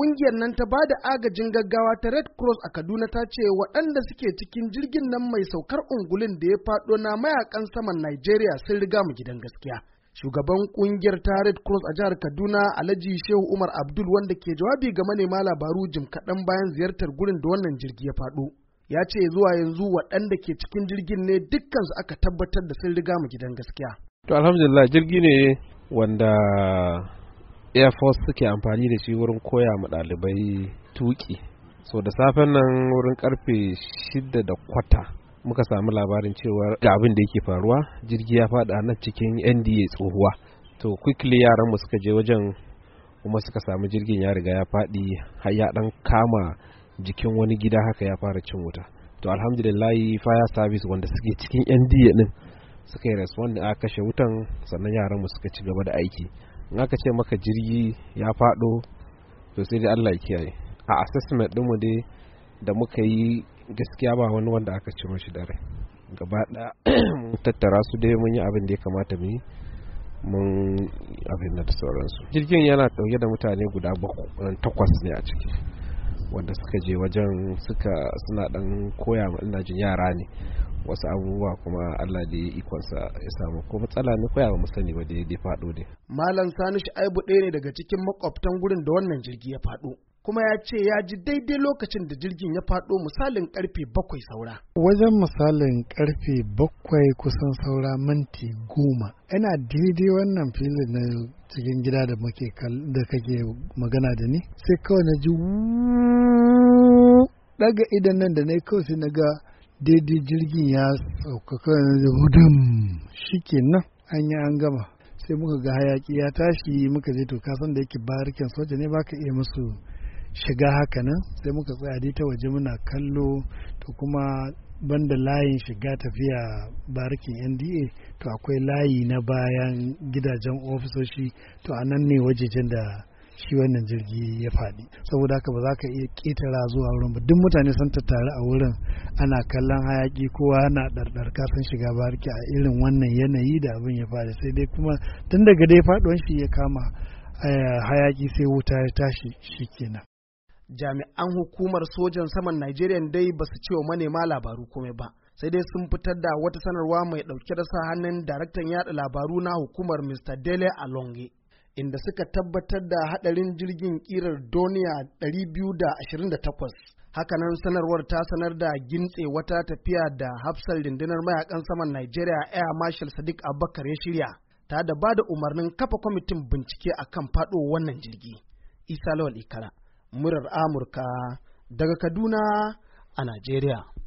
Ƙungiyar nan ta bada agajin gaggawa ta Red Cross a Kaduna ta ce waɗanda suke cikin jirgin nan mai saukar ungulin da ya faɗo na mayakan saman Najeriya sun riga mu gidan gaskiya. shugaban kungiyar ta red cross a jihar kaduna alhaji shehu umar abdul wanda ke jawabi ga manema labaru jim kaɗan bayan ziyartar gurin da wannan jirgi ya faɗo ya ce zuwa yanzu waɗanda ke cikin jirgin ne dukkansu aka tabbatar da sun riga mu gidan gaskiya to alhamdulillah jirgi ne wanda air force suke amfani da shi wurin koya ma ɗalibai tuki so da safen nan wurin karfe shida da kwata muka samu labarin cewa ga abin da yake faruwa jirgi ya fada nan cikin nda tsohuwa to quickly yaran mu suka je wajen kuma suka samu jirgin ya riga ya fadi har ya dan kama jikin wani gida haka ya fara cin wuta to alhamdulillahi fire service wanda suke cikin nda din suka yi respond a kashe wutan sannan yaran mu suka ci gaba da aiki in aka ce maka jirgi ya faɗo to sai dai allah ya kiyaye a assessment mu dai da muka yi gaskiya ba wani wanda aka ci mashi dare gaba mun tattara su dai mun yi abin da ya kamata mu yi mun abin da sauransu jirgin yana ɗauke da mutane guda takwas ne a ciki wanda suka je wajen suka suna ɗan koya ma ina jin yara ne wasu abubuwa kuma Allah da ya ikonsa ya samu ko matsala ne koya ba mu sani ba da ya faɗo ne. Malam Sani Shu'aibu ɗaya ne daga cikin makwabtan gurin da wannan jirgi ya faɗo. kuma ya ce ya ji daidai lokacin da jirgin ya faɗo misalin karfe bakwai saura. Wajen misalin karfe bakwai kusan saura minti goma. yana daidai wannan filin na cikin gida da muke da kake magana da ni sai kawai na ji daga idan nan da na yi kawai sai na ga daidai jirgin ya sauka kawai da hudun shi kenan an yi an gama sai muka ga hayaki ya tashi muka je to kasan da yake barikin soja ne baka iya musu shiga haka nan sai muka tsaya dai ta waje muna kallo to kuma banda layin shiga tafiya barikin nda to akwai layi na bayan gidajen ofisoshi to a nan ne wajejen da shi wannan jirgi ya faɗi saboda haka ba za ka iya ƙetara zuwa wurin ba duk mutane sun tattaru a wurin ana kallon hayaki kowa na ɗarɗar kafin shiga barki a irin wannan yanayi da abin ya faɗi sai dai kuma tun daga dai faɗuwan shi ya kama eh, hayaki sai wuta ya tashi shi kenan. jami'an hukumar sojan saman Najeriya dai ba su ce wa manema labaru komai ba sai dai sun fitar da wata sanarwa mai ɗauke da sa hannun daraktan yada labaru na hukumar Mr. Dele Alonge inda suka tabbatar da hadarin jirgin kirar doniya 228 hakanan sanarwar ta sanar da gintse wata tafiya da hafsar rundunar mayakan saman Najeriya Air Marshal Sadiq Abubakar ya shirya ta da ba da umarnin kafa kwamitin bincike a kan fado wannan jirgi. Isa Lawal Ikara, murar Amurka daga Kaduna a Najeriya.